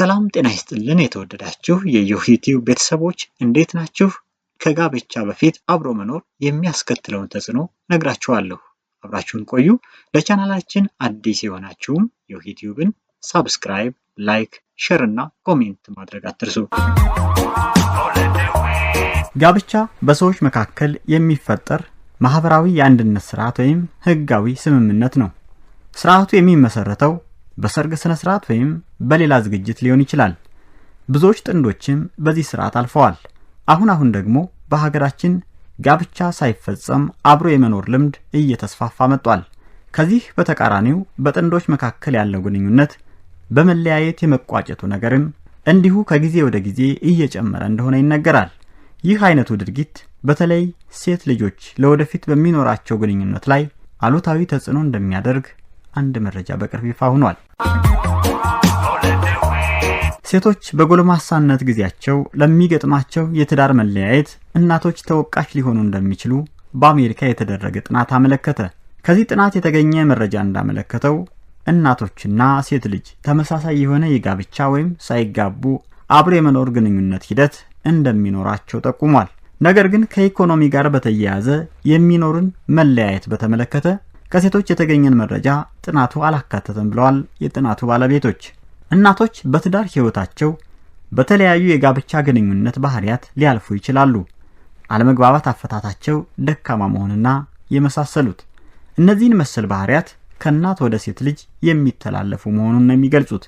ሰላም ጤና ይስጥልን የተወደዳችሁ የዩቲዩብ ቤተሰቦች እንዴት ናችሁ? ከጋብቻ በፊት አብሮ መኖር የሚያስከትለውን ተጽዕኖ ነግራችኋለሁ። አብራችሁን ቆዩ። ለቻናላችን አዲስ የሆናችሁም የዩቲዩብን ሳብስክራይብ፣ ላይክ፣ ሼር እና ኮሜንት ማድረግ አትርሱ። ጋብቻ በሰዎች መካከል የሚፈጠር ማህበራዊ የአንድነት ስርዓት ወይም ህጋዊ ስምምነት ነው። ስርዓቱ የሚመሰረተው በሰርግ ስነ ስርዓት ወይም በሌላ ዝግጅት ሊሆን ይችላል። ብዙዎች ጥንዶችም በዚህ ስርዓት አልፈዋል። አሁን አሁን ደግሞ በሀገራችን ጋብቻ ሳይፈጸም አብሮ የመኖር ልምድ እየተስፋፋ መጥቷል። ከዚህ በተቃራኒው በጥንዶች መካከል ያለው ግንኙነት በመለያየት የመቋጨቱ ነገርም እንዲሁ ከጊዜ ወደ ጊዜ እየጨመረ እንደሆነ ይነገራል። ይህ አይነቱ ድርጊት በተለይ ሴት ልጆች ለወደፊት በሚኖራቸው ግንኙነት ላይ አሉታዊ ተጽዕኖ እንደሚያደርግ አንድ መረጃ በቅርብ ይፋ ሆኗል። ሴቶች በጎልማሳነት ጊዜያቸው ለሚገጥማቸው የትዳር መለያየት እናቶች ተወቃሽ ሊሆኑ እንደሚችሉ በአሜሪካ የተደረገ ጥናት አመለከተ። ከዚህ ጥናት የተገኘ መረጃ እንዳመለከተው እናቶችና ሴት ልጅ ተመሳሳይ የሆነ የጋብቻ ወይም ሳይጋቡ አብሮ የመኖር ግንኙነት ሂደት እንደሚኖራቸው ጠቁሟል። ነገር ግን ከኢኮኖሚ ጋር በተያያዘ የሚኖርን መለያየት በተመለከተ ከሴቶች የተገኘን መረጃ ጥናቱ አላካተተም ብለዋል የጥናቱ ባለቤቶች። እናቶች በትዳር ሕይወታቸው በተለያዩ የጋብቻ ግንኙነት ባህሪያት ሊያልፉ ይችላሉ። አለመግባባት አፈታታቸው ደካማ መሆንና የመሳሰሉት እነዚህን መሰል ባህሪያት ከእናት ወደ ሴት ልጅ የሚተላለፉ መሆኑን ነው የሚገልጹት።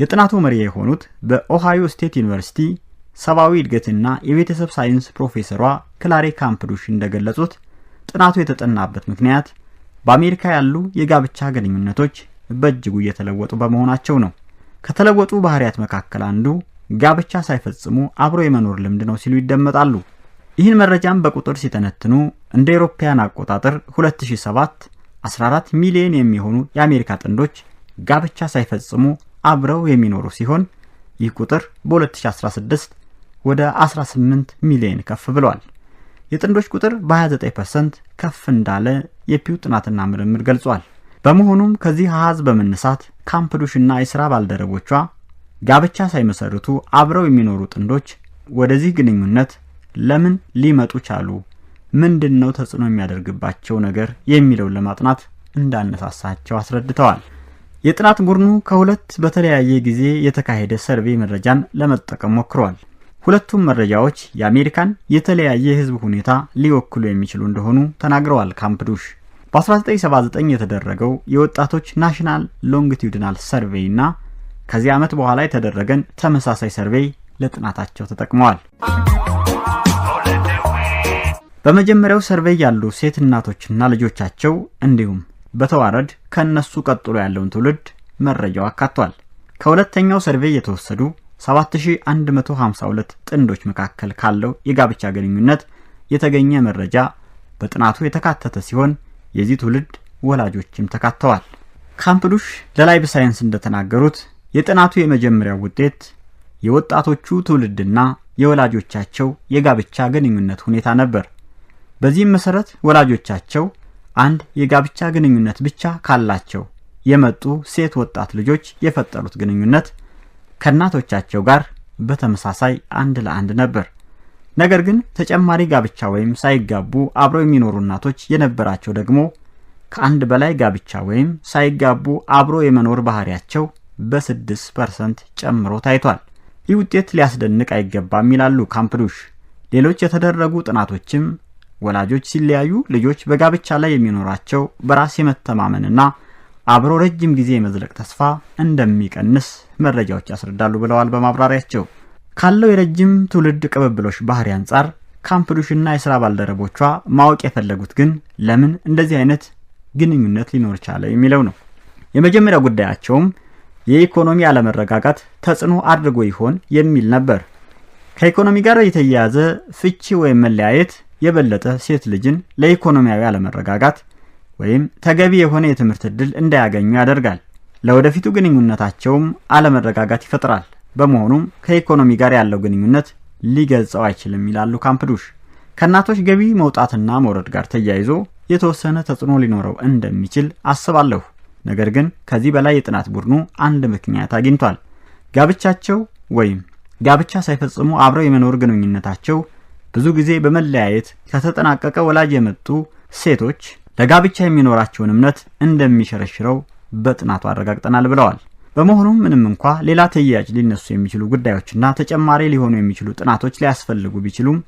የጥናቱ መሪ የሆኑት በኦሃዮ ስቴት ዩኒቨርሲቲ ሰብአዊ እድገትና የቤተሰብ ሳይንስ ፕሮፌሰሯ ክላሬ ካምፕዱሽ እንደገለጹት ጥናቱ የተጠናበት ምክንያት በአሜሪካ ያሉ የጋብቻ ግንኙነቶች በእጅጉ እየተለወጡ በመሆናቸው ነው። ከተለወጡ ባህሪያት መካከል አንዱ ጋብቻ ሳይፈጽሙ አብሮ የመኖር ልምድ ነው ሲሉ ይደመጣሉ። ይህን መረጃም በቁጥር ሲተነትኑ እንደ ኤሮፓያን አቆጣጠር 2007 14 ሚሊዮን የሚሆኑ የአሜሪካ ጥንዶች ጋብቻ ሳይፈጽሙ አብረው የሚኖሩ ሲሆን ይህ ቁጥር በ2016 ወደ 18 ሚሊዮን ከፍ ብሏል። የጥንዶች ቁጥር በ29 ከፍ እንዳለ የፒው ጥናትና ምርምር ገልጿል። በመሆኑም ከዚህ አሃዝ በመነሳት ካምፕዱሽና ዱሽና የሥራ ባልደረቦቿ ጋብቻ ሳይመሰርቱ አብረው የሚኖሩ ጥንዶች ወደዚህ ግንኙነት ለምን ሊመጡ ቻሉ? ምንድን ነው ተጽዕኖ የሚያደርግባቸው ነገር የሚለውን ለማጥናት እንዳነሳሳቸው አስረድተዋል። የጥናት ቡድኑ ከሁለት በተለያየ ጊዜ የተካሄደ ሰርቬይ መረጃን ለመጠቀም ሞክረዋል። ሁለቱም መረጃዎች የአሜሪካን የተለያየ የህዝብ ሁኔታ ሊወክሉ የሚችሉ እንደሆኑ ተናግረዋል ካምፕዱሽ። በ1979 የተደረገው የወጣቶች ናሽናል ሎንግቲዩድናል ሰርቬይ እና ከዚህ ዓመት በኋላ የተደረገን ተመሳሳይ ሰርቬይ ለጥናታቸው ተጠቅመዋል። በመጀመሪያው ሰርቬይ ያሉ ሴት እናቶችና ልጆቻቸው እንዲሁም በተዋረድ ከእነሱ ቀጥሎ ያለውን ትውልድ መረጃው አካቷል። ከሁለተኛው ሰርቬይ የተወሰዱ 7152 ጥንዶች መካከል ካለው የጋብቻ ግንኙነት የተገኘ መረጃ በጥናቱ የተካተተ ሲሆን የዚህ ትውልድ ወላጆችም ተካተዋል። ካምፕዱሽ ለላይብ ሳይንስ እንደተናገሩት የጥናቱ የመጀመሪያው ውጤት የወጣቶቹ ትውልድና የወላጆቻቸው የጋብቻ ግንኙነት ሁኔታ ነበር። በዚህም መሰረት ወላጆቻቸው አንድ የጋብቻ ግንኙነት ብቻ ካላቸው የመጡ ሴት ወጣት ልጆች የፈጠሩት ግንኙነት ከእናቶቻቸው ጋር በተመሳሳይ አንድ ለአንድ ነበር። ነገር ግን ተጨማሪ ጋብቻ ወይም ሳይጋቡ አብረው የሚኖሩ እናቶች የነበራቸው ደግሞ ከአንድ በላይ ጋብቻ ወይም ሳይጋቡ አብሮ የመኖር ባህሪያቸው በ6 ፐርሰንት ጨምሮ ታይቷል። ይህ ውጤት ሊያስደንቅ አይገባም ይላሉ ካምፕዱሽ። ሌሎች የተደረጉ ጥናቶችም ወላጆች ሲለያዩ ልጆች በጋብቻ ላይ የሚኖራቸው በራስ የመተማመንና አብሮ ረጅም ጊዜ የመዝለቅ ተስፋ እንደሚቀንስ መረጃዎች ያስረዳሉ ብለዋል። በማብራሪያቸው ካለው የረጅም ትውልድ ቅብብሎች ባህሪ አንጻር ካምፕዱሽና የስራ ባልደረቦቿ ማወቅ የፈለጉት ግን ለምን እንደዚህ አይነት ግንኙነት ሊኖር ቻለ የሚለው ነው። የመጀመሪያ ጉዳያቸውም የኢኮኖሚ አለመረጋጋት ተጽዕኖ አድርጎ ይሆን የሚል ነበር። ከኢኮኖሚ ጋር የተያያዘ ፍቺ ወይም መለያየት የበለጠ ሴት ልጅን ለኢኮኖሚያዊ አለመረጋጋት ወይም ተገቢ የሆነ የትምህርት ዕድል እንዳያገኙ ያደርጋል። ለወደፊቱ ግንኙነታቸውም አለመረጋጋት ይፈጥራል። በመሆኑም ከኢኮኖሚ ጋር ያለው ግንኙነት ሊገልጸው አይችልም ይላሉ ካምፕዱሽ። ከእናቶች ገቢ መውጣትና መውረድ ጋር ተያይዞ የተወሰነ ተጽዕኖ ሊኖረው እንደሚችል አስባለሁ። ነገር ግን ከዚህ በላይ የጥናት ቡድኑ አንድ ምክንያት አግኝቷል። ጋብቻቸው ወይም ጋብቻ ሳይፈጽሙ አብረው የመኖር ግንኙነታቸው ብዙ ጊዜ በመለያየት ከተጠናቀቀ ወላጅ የመጡ ሴቶች ለጋብቻ የሚኖራቸውን እምነት እንደሚሸረሽረው በጥናቱ አረጋግጠናል ብለዋል። በመሆኑም ምንም እንኳ ሌላ ተያያዥ ሊነሱ የሚችሉ ጉዳዮችና ተጨማሪ ሊሆኑ የሚችሉ ጥናቶች ሊያስፈልጉ ቢችሉም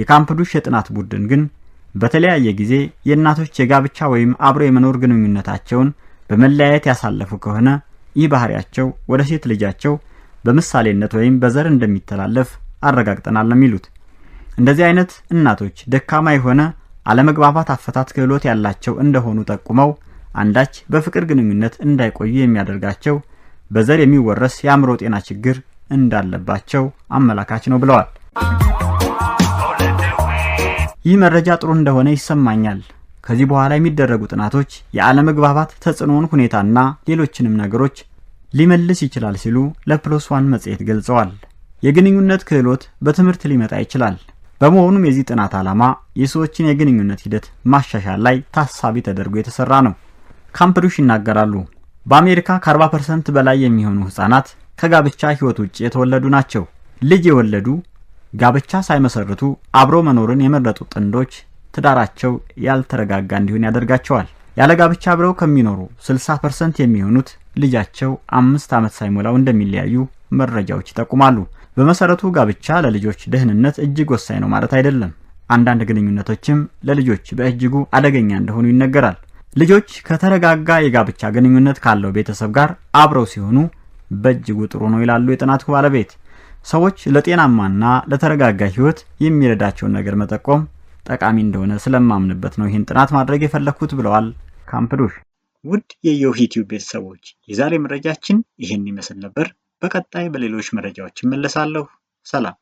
የካምፕዱሽ የጥናት ቡድን ግን በተለያየ ጊዜ የእናቶች የጋብቻ ወይም አብሮ የመኖር ግንኙነታቸውን በመለያየት ያሳለፉ ከሆነ ይህ ባህሪያቸው ወደ ሴት ልጃቸው በምሳሌነት ወይም በዘር እንደሚተላለፍ አረጋግጠናል ነው የሚሉት። እንደዚህ አይነት እናቶች ደካማ የሆነ አለመግባባት አፈታት ክህሎት ያላቸው እንደሆኑ ጠቁመው አንዳች በፍቅር ግንኙነት እንዳይቆዩ የሚያደርጋቸው በዘር የሚወረስ የአእምሮ ጤና ችግር እንዳለባቸው አመላካች ነው ብለዋል። ይህ መረጃ ጥሩ እንደሆነ ይሰማኛል። ከዚህ በኋላ የሚደረጉ ጥናቶች የአለመግባባት ተጽዕኖውን ሁኔታና ሌሎችንም ነገሮች ሊመልስ ይችላል ሲሉ ለፕሎስ ዋን መጽሔት ገልጸዋል። የግንኙነት ክህሎት በትምህርት ሊመጣ ይችላል። በመሆኑም የዚህ ጥናት ዓላማ የሰዎችን የግንኙነት ሂደት ማሻሻል ላይ ታሳቢ ተደርጎ የተሰራ ነው። ካምፕዱሽ ይናገራሉ። በአሜሪካ ከ40 ፐርሰንት በላይ የሚሆኑ ህጻናት ከጋብቻ ህይወት ውጭ የተወለዱ ናቸው። ልጅ የወለዱ ጋብቻ ሳይመሰርቱ አብሮ መኖርን የመረጡ ጥንዶች ትዳራቸው ያልተረጋጋ እንዲሆን ያደርጋቸዋል። ያለ ጋብቻ አብረው ከሚኖሩ 60 ፐርሰንት የሚሆኑት ልጃቸው አምስት ዓመት ሳይሞላው እንደሚለያዩ መረጃዎች ይጠቁማሉ። በመሰረቱ ጋብቻ ለልጆች ደህንነት እጅግ ወሳኝ ነው ማለት አይደለም። አንዳንድ ግንኙነቶችም ለልጆች በእጅጉ አደገኛ እንደሆኑ ይነገራል። ልጆች ከተረጋጋ የጋብቻ ግንኙነት ካለው ቤተሰብ ጋር አብረው ሲሆኑ በእጅጉ ጥሩ ነው ይላሉ የጥናቱ ባለቤት። ሰዎች ለጤናማና ለተረጋጋ ህይወት የሚረዳቸውን ነገር መጠቆም ጠቃሚ እንደሆነ ስለማምንበት ነው ይህን ጥናት ማድረግ የፈለግኩት ብለዋል ካምፕዱሽ። ውድ የዮሂ ቲዩብ ቤተሰቦች የዛሬ መረጃችን ይህን ይመስል ነበር። በቀጣይ በሌሎች መረጃዎች እመለሳለሁ። ሰላም።